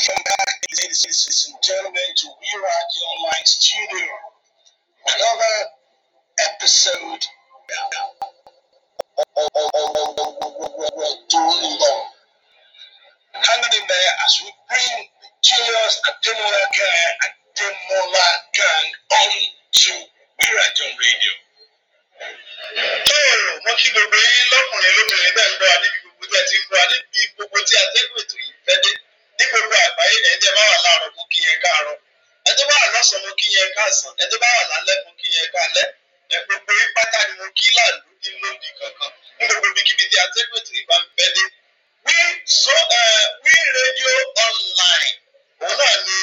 welcome back, ladies and gentlemen, to We Rock Your Online Studio. Another episode long. Hanging in there as we bring Julius Ademola Gang, Ademola Gang on to We Rock Your Radio. ní gbogbo àgbáyé ẹ̀ẹ́dẹ́ bá wà láàárọ̀ mú kí yẹn káàárọ̀ ẹ̀ẹ́dẹ́ bá wà lọ́sàn-án mú kí yẹn káàsán ẹ̀ẹ́dẹ́ bá wà lálẹ́ mú kí yẹn káalẹ́ ẹ̀ gbogbo yín pátá ni mo kí láàlú ní lóbi kankan ní gbogbo ibikíbi tí atẹ́gùn tí ìbá ń fẹ́ dé. wí so uh, wí rédíò online òun náà ni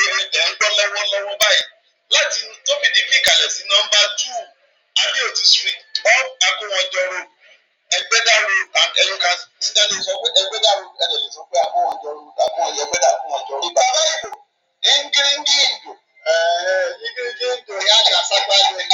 ẹ̀ ń gbọ́ lọ́wọ́lọ́wọ́ báyìí láti tó fìdí fìkàlẹ̀ sí nọ́mbà two Abioti Street off Akówọ́jọ road ẹgbẹ́ dàrú ẹ̀yìn kan sílẹ̀ sọ pé ẹgbẹ́ dàrú ẹ̀dẹ̀ lè sọ pé àkóhànjọ rú àkóhànjọ ẹgbẹ́ dàrú àkóhànjọ bàbá ìbò ìngíríngí ìndò ìngíríngí ìndò ìyá àjàságbá ni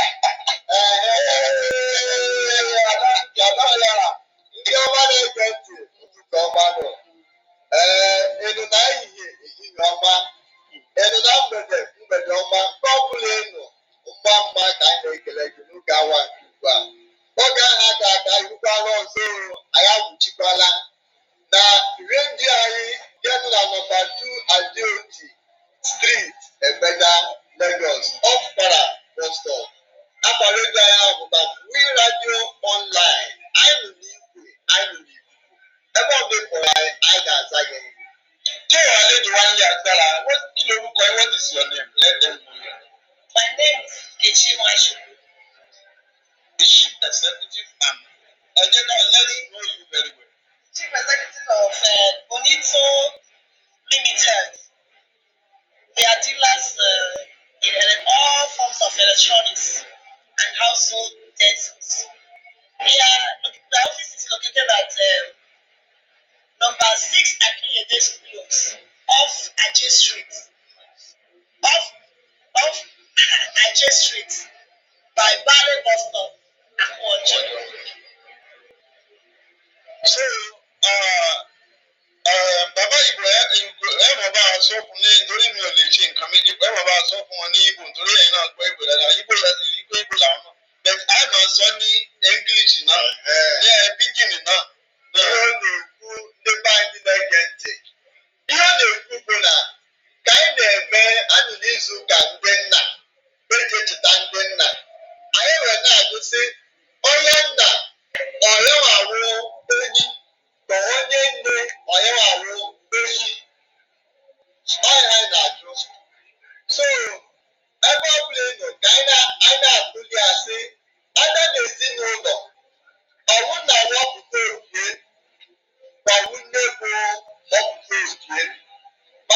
this clothes off Ajay Street. Off, off Ajay Street by Barry Bus Stop, Akwonjo. So, uh, uh, Bàbá Ibrahim ẹ mọ̀ bá a sọ fún ní nítorí mi ò lè ṣe nǹkan méjì ẹ mọ̀ bá a sọ fún wọn ní Igbo nítorí ẹ̀yin náà gbọ́ Igbo dáadáa Igbo láti rí pé Igbo làwọn náà but a máa sọ ní English náà ní ẹ pidgin náà. be anyị na-ege ntị ihe ọ na-ekwu bụ na ka anyị na-eme anyị n'izu ụka ndị nna eji echeta ndị nna anyị wee na-agụsị onye nna ọyawawụ enyi ma onye nne ọyawawụ enyi ọya anyị na-ajụ so ebe ọ bụla ị ka anyị na-atụli asị ada na ezinụlọ bụ na wapụta orie ụwa nwunne bụ ọkụ kristi chief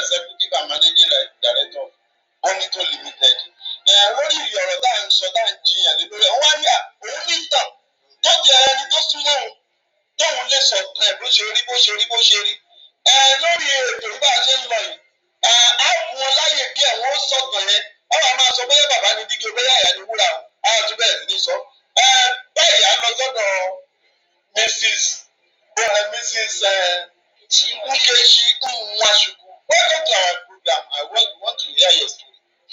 executive and managing director of bonito limited lórí ìrì ọ̀rọ̀ tá à ń sọ tá à ń jiyàn lé lórí ọ̀hún wá ní à òun ní ìtàn tó jẹ ẹni tó súnmọ́ òun tóun lè sọ ẹ bó ṣe rí bó ṣe rí bó ṣe rí lórí ètò bá a ṣe ń lọ yìí á fún wọn láyè bí àwọn ó sọ̀tàn yẹn ọ̀rọ̀ máa sọ bóyá bàbá ni dídí bóyá àyà ni wúrà o á tún bẹ́ẹ̀ sí ní sọ bẹ́ẹ̀ yà á lọ sọ́dọ̀ Mrs. Mrs. Nkechi Nwachukwu welcome to our program I want to hear your story.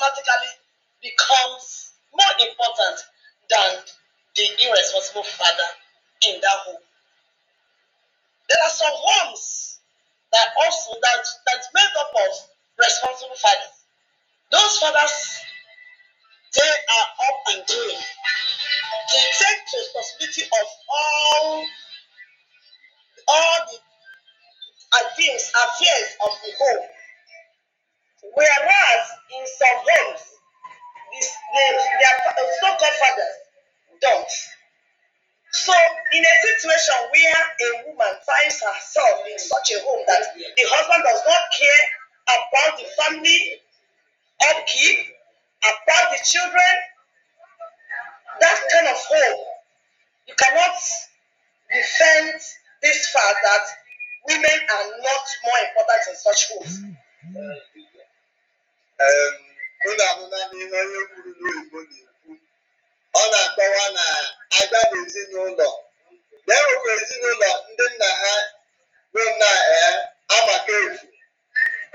automatically becomes more important than the irresponsible father in that home. There are some homes that also that that's made up of responsible fathers. Those fathers, they are up and doing. They take responsibility of all all the things affairs of the home Whereas in some homes, this, the, their so-called fathers don't. So in a situation where a woman finds herself in such a home that the husband does not care about the family upkeep, about the children, that kind of home, you cannot defend this fact that women are not more important in such homes. Mm -hmm. m ga-abụ naanị ihe onye kwuru n'oyibo na-ekwu ọ na akpọwa na aga ezinụlọ na-enwekwa ezinụlọ ndị nna ha bụ na ee amaka efu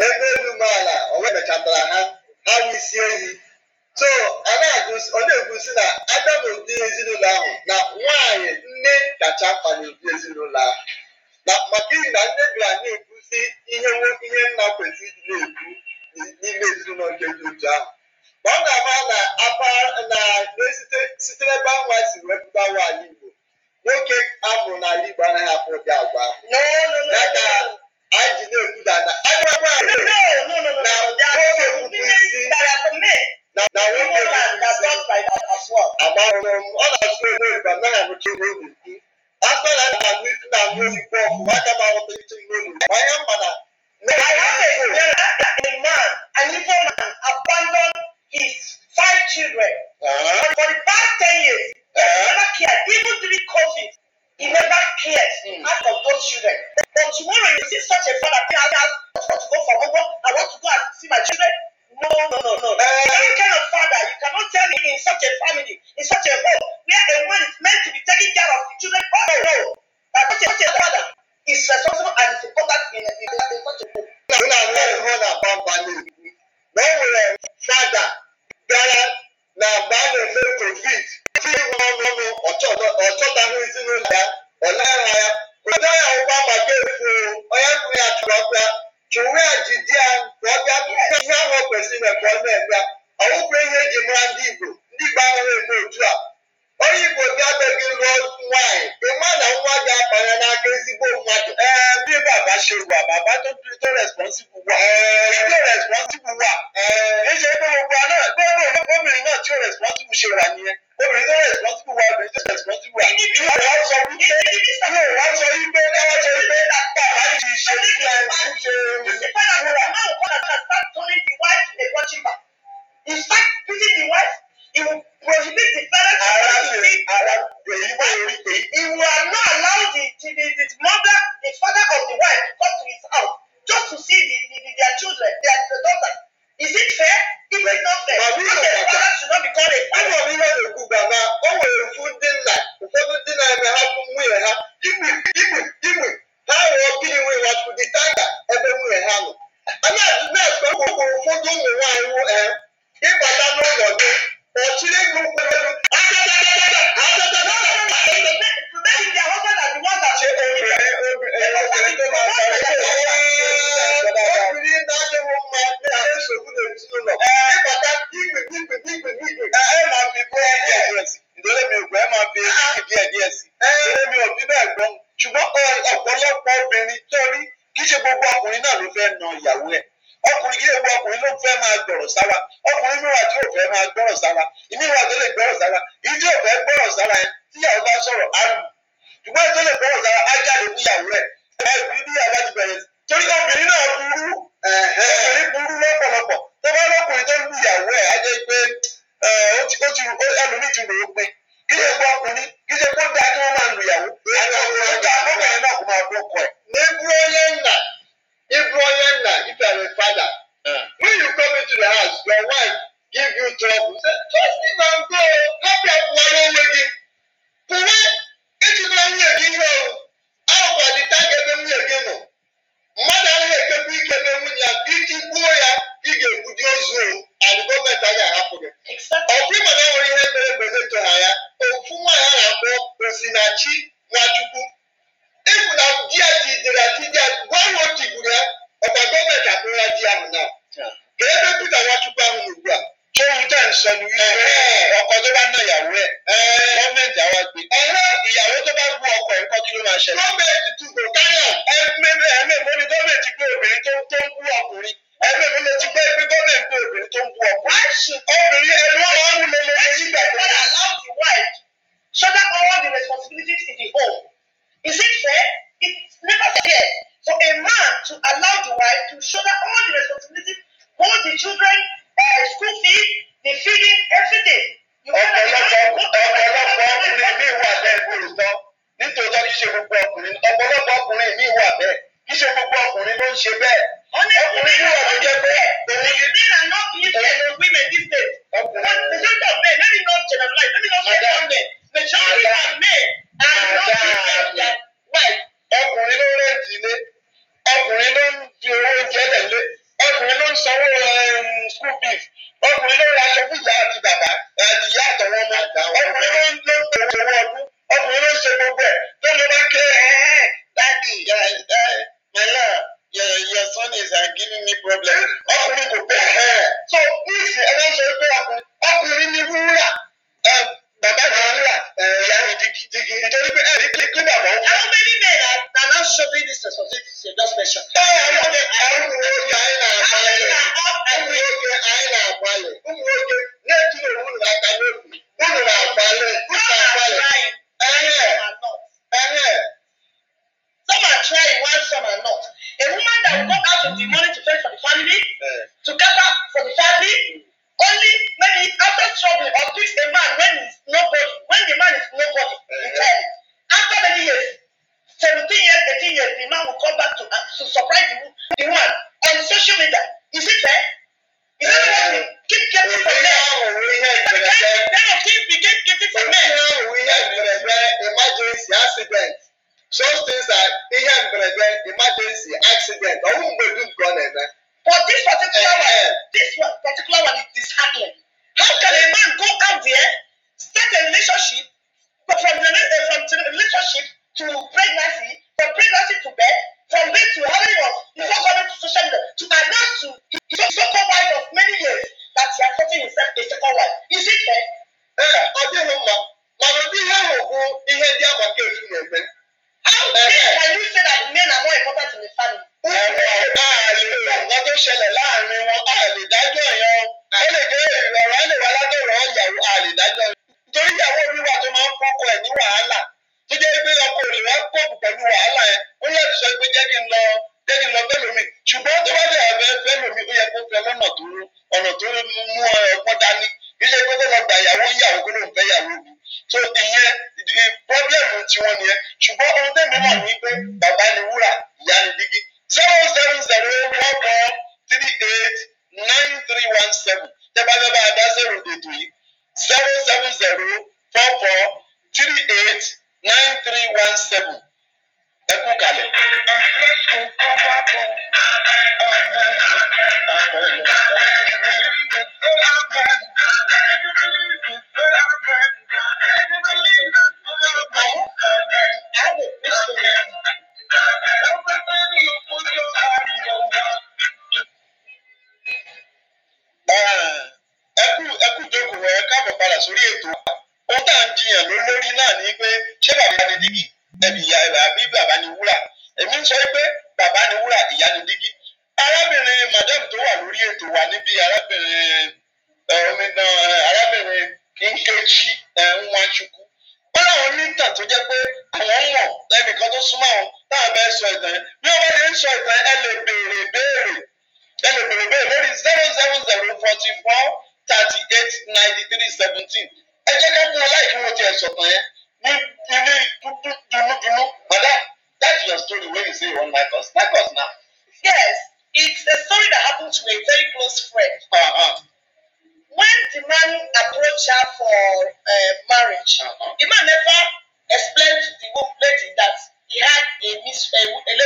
ebe elu umeala o webachatara ha ha isi ehi so ọ na-ekwusi na aga n'ụdị ezinụlọ ahụ na nwaanyị nne kacha mkpa n'ụdị ezinụlọ ahụ maka n'ihi na nne bịara na-ekwuzi ihe nna kwesịrị na-ekwu n'ime ezinụlọ nke dị otu ahụ ma ọ na-ama na site n'ebe anwa si wee pụta nwaanyị Igbo nwoke amụrụ n'ala Igbo anaghị apụ ụdị agwa ya ka anyị ji na-ekwuda na nwoke na nwoke amarụrụ m na na na na isi na-anụ m I have a man, an evil man, abandoned his five children. Uh-huh. For the past 10 years, uh-huh. he never cared. Even during COVID, he never cared mm. out of those children. But tomorrow, you see such a father, he has prohibit the parents from seeing. Ara èyí wà lórí not allowed the the the mother আমরা igi nítorí pé ẹ̀rí pé kí bàbá àwọn many men are are now shopping this responsibility you just mentioned. báwo àwọn ọmọdé àwọn.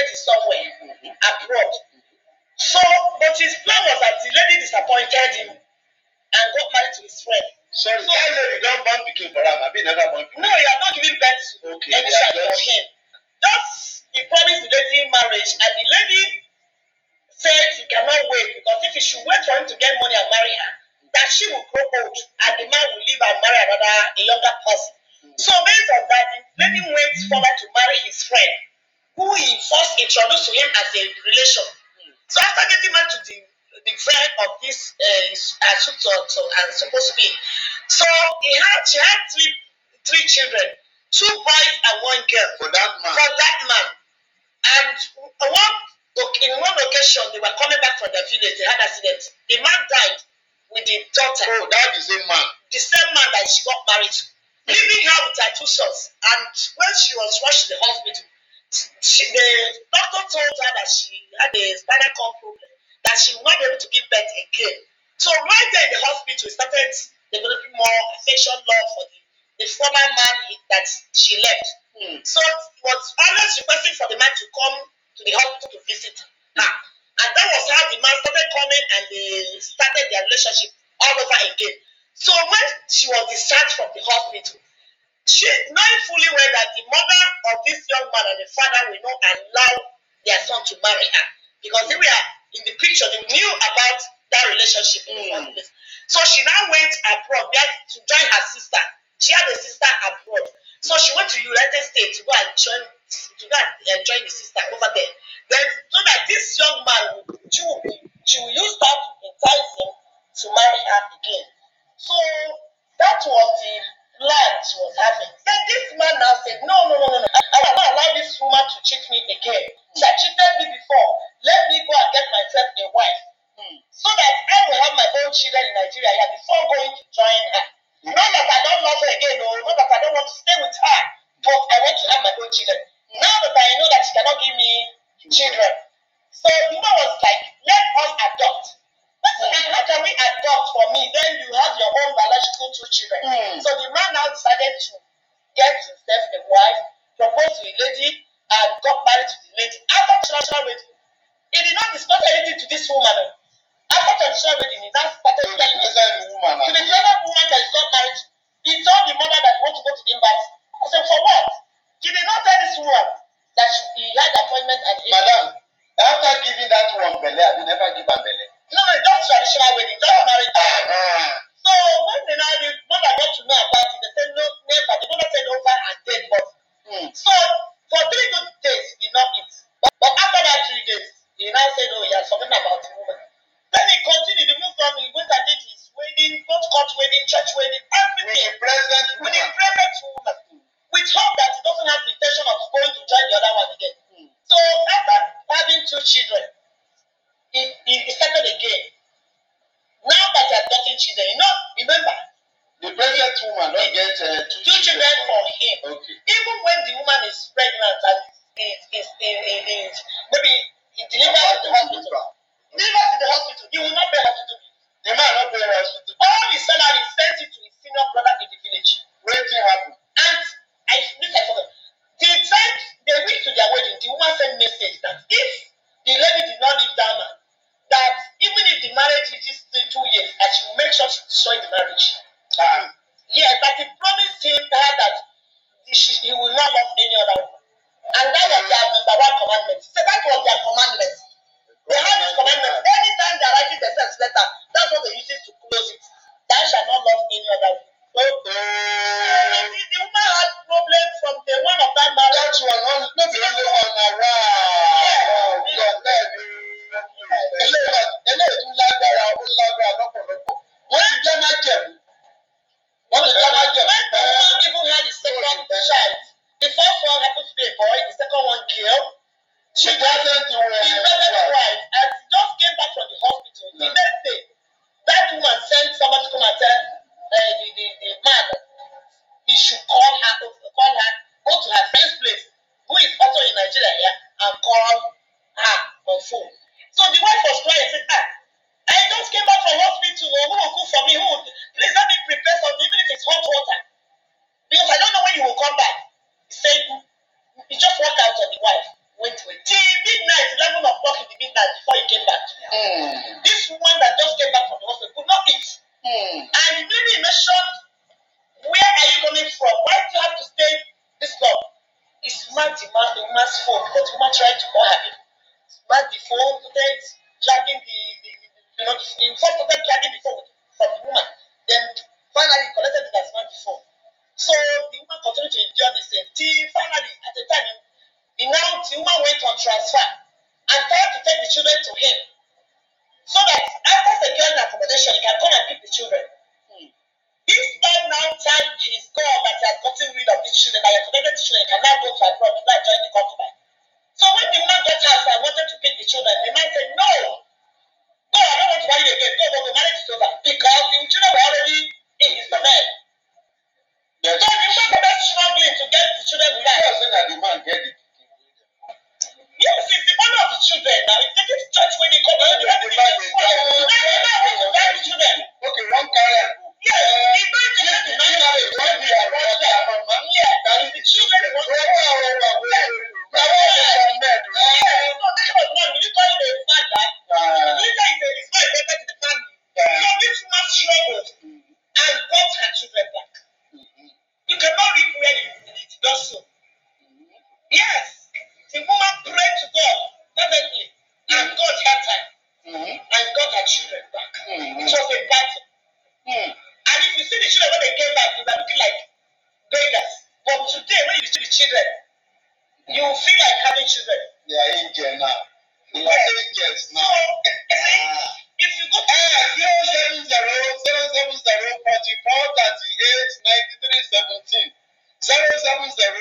getting somewhere abroad. So, but his plan was that the lady disappointed him and got married to his friend. Sorry, so, that lady don't born pikin for am, I mean another born pikin. No, you are not giving birth okay, any child for him. Just he promised the lady marriage, and the lady said he cannot wait because if he should wait for him to get money and marry her, that she will grow old and the man will leave and marry another a younger person. Mm. So based on that, the lady went forward to marry his friend who he first introduced to him as a relation. So after getting back to the the friend of this uh, eh, so, to, uh, supposed to be. So he had she had three three children, two boys and one girl. For that man. For that man. And one in one occasion they were coming back from the village, they had accident. The man died with the daughter. Oh, that is the man. The same man that she got married to. Leaving her with her two sons. And when she was rushed to the hospital, She, the doctor told her that she had a spinal cord problem, that she would be able to give birth again. So right there in the hospital, we started developing more affection, love for the, the former man that she left. Mm. So he was always requesting for the man to come to the hospital to visit her. Hmm. And that was how the man started coming and they started their relationship all over again. So when she was discharged from the hospital, She knowing fully well that the mother of this young man and the father will not allow their son to marry her because here we are in the picture, they knew about that relationship mm. the hmm. first place. So she now went abroad to join her sister. She had a sister abroad. So she went to United States to go and join to go and uh, join the sister over there. Then so that this young man she will be she will use that to entice him to marry her again. So that was the plans was happening. Then this man now said, No, no, no, no, no. I will not allow this woman to cheat me again. She cheated me before. Let me go and get myself a wife. Mm. So that I will have my own children in Nigeria here before going to join her. Mm. Not that I don't love her again, or not that I don't want to stay with her, but I want to have my own children. Hmm. Now that I know that she cannot give me children. So the woman was like, let us adopt. me, then you have your own biological two children. Mm. So the man now decided to get himself a wife, propose to a lady, and got married to the lady. After traditional wedding, he did not discuss anything to this woman. After traditional wedding, he now started telling to the other woman that he's not married to. He told the mother that he wants to go to the embassy. I said, for what? He did not tell this woman that she, he had appointment at 8. Madam, after giving that one belly, I will never give her belly. No, that's traditional wedding, that's marriage. So when the mother got to know about it, they said no, never. The mother said over and dead, but mm. so for three good days he not eat. But, but after that three days, he now said, Oh, he has forgotten about the woman. Then he continued, the moved on, he went and did his wedding, both court wedding, church wedding, everything. With the present woman. With the present woman. With hope that he doesn't have the intention of going to join the other one again. Mm. So after having two children, If transfer and try to take the children to him so that after securing accommodation, he can come and pick the children. Hmm. This man now thank his God that he has gotten rid of these children, that he has committed the children, can now go to abroad to and join the concubine. So when the man got house and wanted to pick the children, the man said, No, go, I don't want to marry you again. Go, go, go, marriage is over. Because the children were already in his domain. Yes. So the woman was struggling to get the children back. are saying that the man get the Yes, it's the honor of children. Now, if they church when they come, they have to be very children. Okay, one career. Yes, it's not just the man of the one year, one year, one year. That is the children. One year, one year, one year. Now, what is that man? No, that was not. Will you call him a father? Later, it's not a better to the family. So this man struggled and got her children back. Mm-hmm. You cannot reap where you did not so. Mm-hmm. Yes. The woman prayed to God fervently, and God had time, hmm. and got her children back. Hmm. It was a battle. Hmm. And if you see the children when they came back, they were looking like beggars. But today, when you see the children, you will feel like having children. They are angel now. They are angels now. Ah. if you go to ah, 070 070 4438 9317 070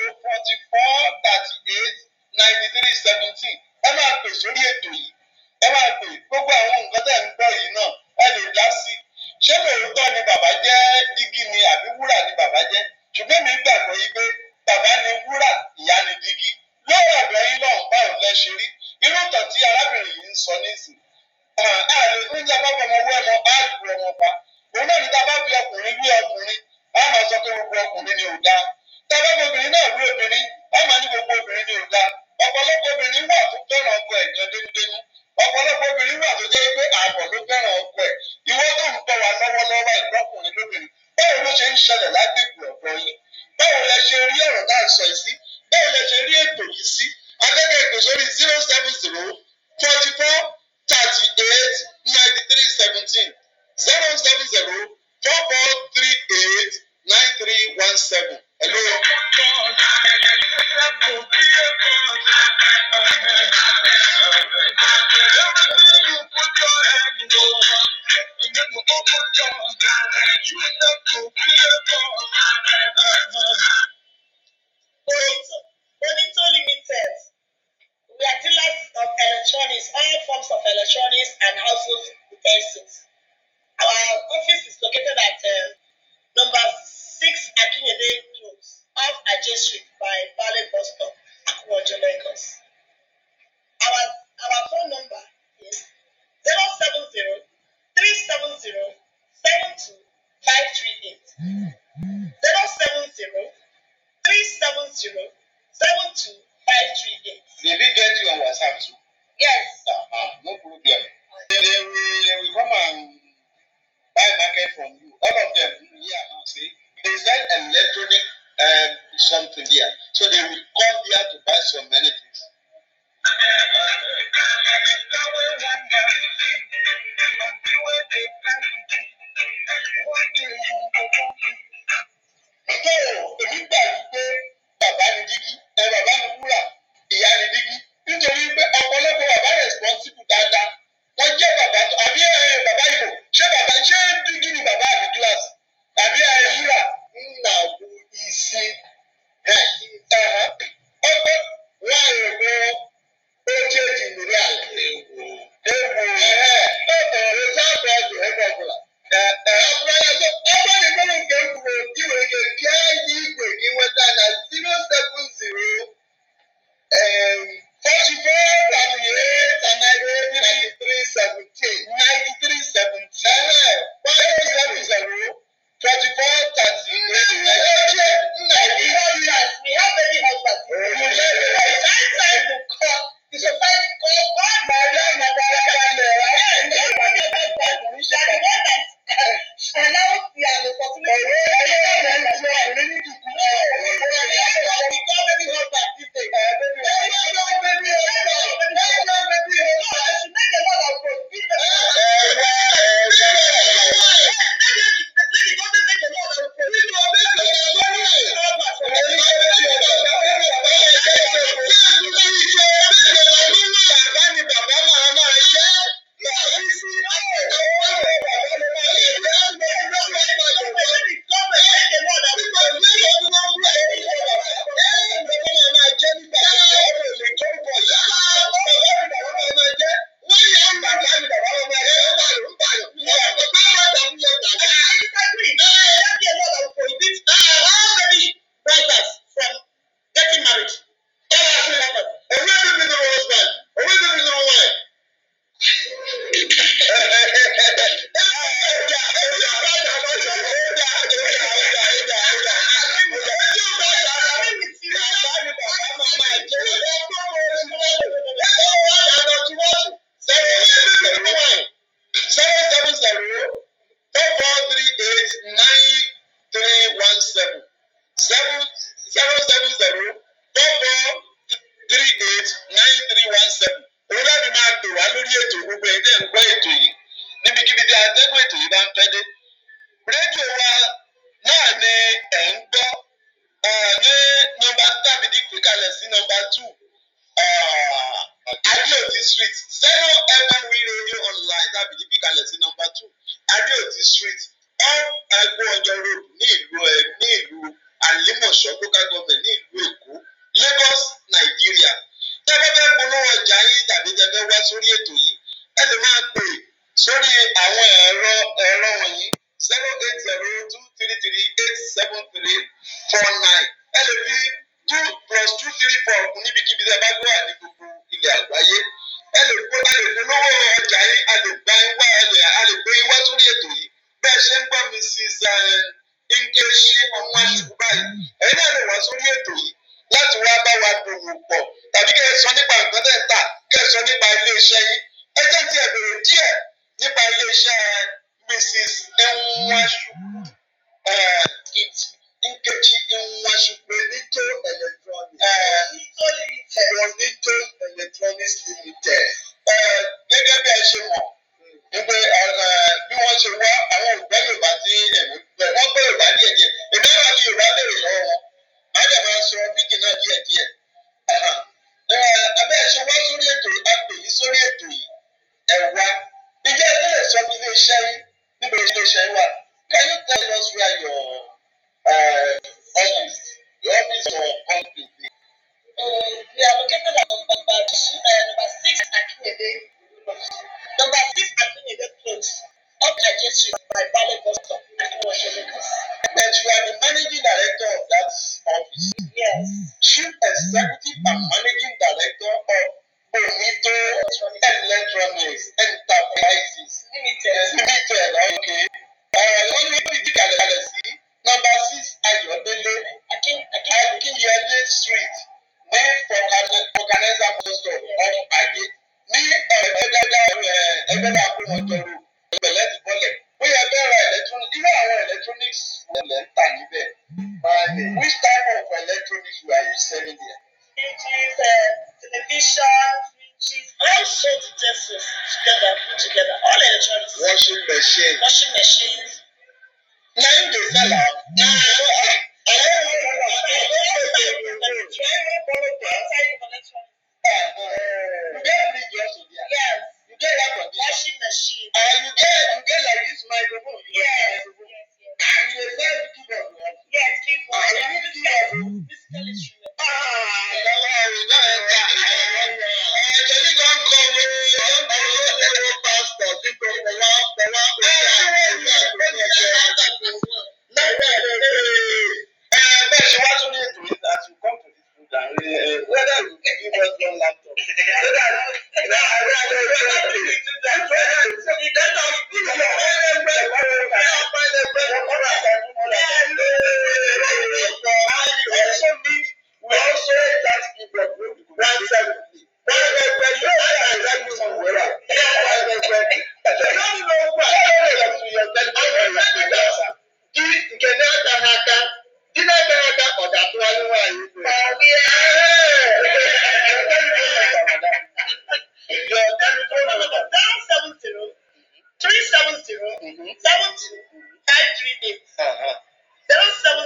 pè sí afẹ́kẹ́ pè sórí zero seven zero forty four thirty eight ninety three seventeen zero seven zero four four three eight nine three one seven. Hello. Bonito Limited. We are dealers of electronics, all forms of electronics and household utensils. Our office is located at uh, number 6 Akinyede Close, off Ajay Street by Valley Bus Stop, Akwajo, Lagos. Our, our phone number is 070 370 72538. Hmm, hmm. 070 370 seven two five three eight. Did we get you on WhatsApp too? Yes. Uh, uh, no problem. They, they, will, they will come and buy market from you. All of them here now, see. They sell electronic um, something here. washing machine. And you get you get like this microphone. yes. Yes, yes. And you refer to people. Yes, keep you need to do that. Mm.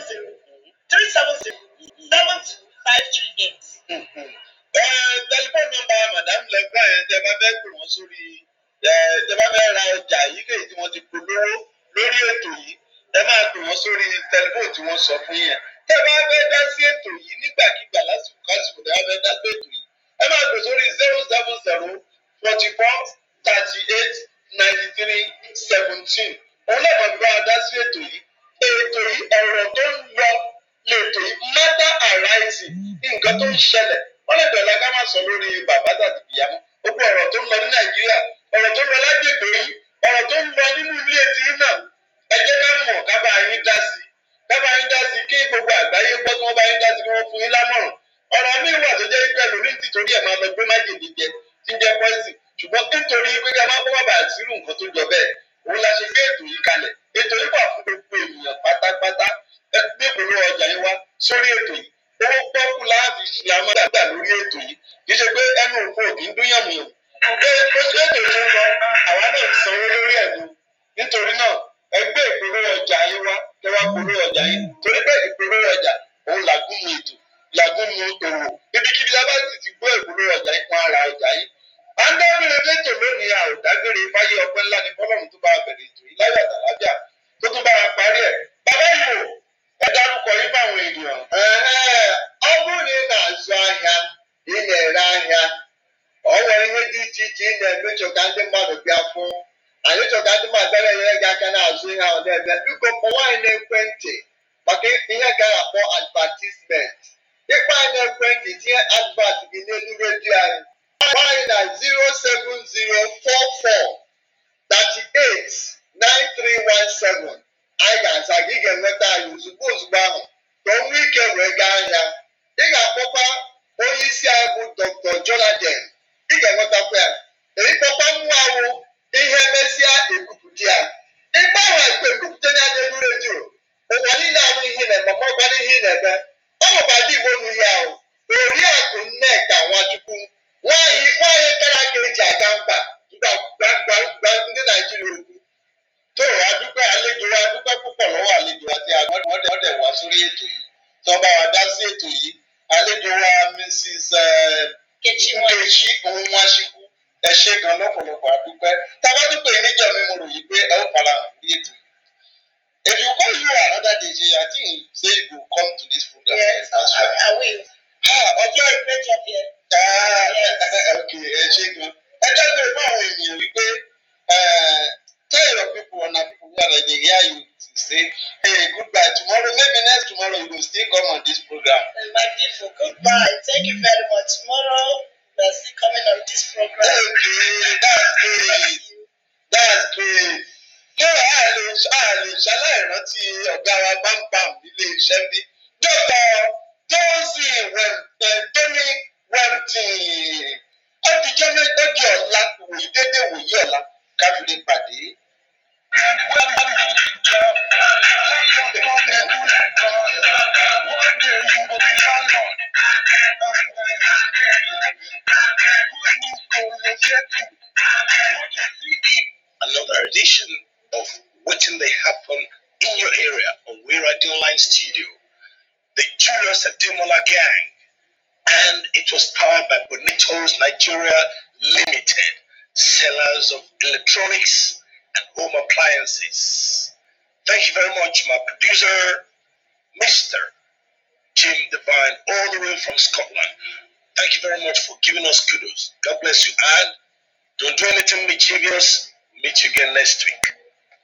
three seven seven five three eight. Hmm, hmm. tẹlifóònù nọ́mbà madam lẹgbọn yẹn tẹ bá fẹ́ pè wọn sórí tẹ bá fẹ́ ra ọjà èyíkéyìí tí wọn ti polówó lórí ètò yìí ẹ máa pè wọn sórí tẹlifóònù tí wọn sọ fún yẹn tẹ bá fẹ́ dá sí ètò yìí nígbàkigbà lásìkò kásìkò tẹ bá fẹ́ dá zero zero forty four thirty eight. ti ṣẹlẹ̀ wọ́n lè bẹ̀rẹ̀ lágbá máa sọ lórí bàbá tàbí na-eme ọnọbadị igbo nụ ya ahụ oriakụ nneka nwachukwu nwanyị nwanyị tara aka eji aga mba gba ndị naijiria okwu tóò adúpẹ́ àlejò wa dúpẹ́ púpọ̀ lọ́wọ́ àlejò àti àwọn ọ̀dẹ̀ wá sórí ètò yìí tó bá Nkechi eh, Onwuachukwu ẹ ṣé gan Nigeria Limited, sellers of electronics and home appliances. Thank you very much, my producer, Mr. Jim Devine, all the way from Scotland. Thank you very much for giving us kudos. God bless you. And don't do anything mischievous. Meet you again next week.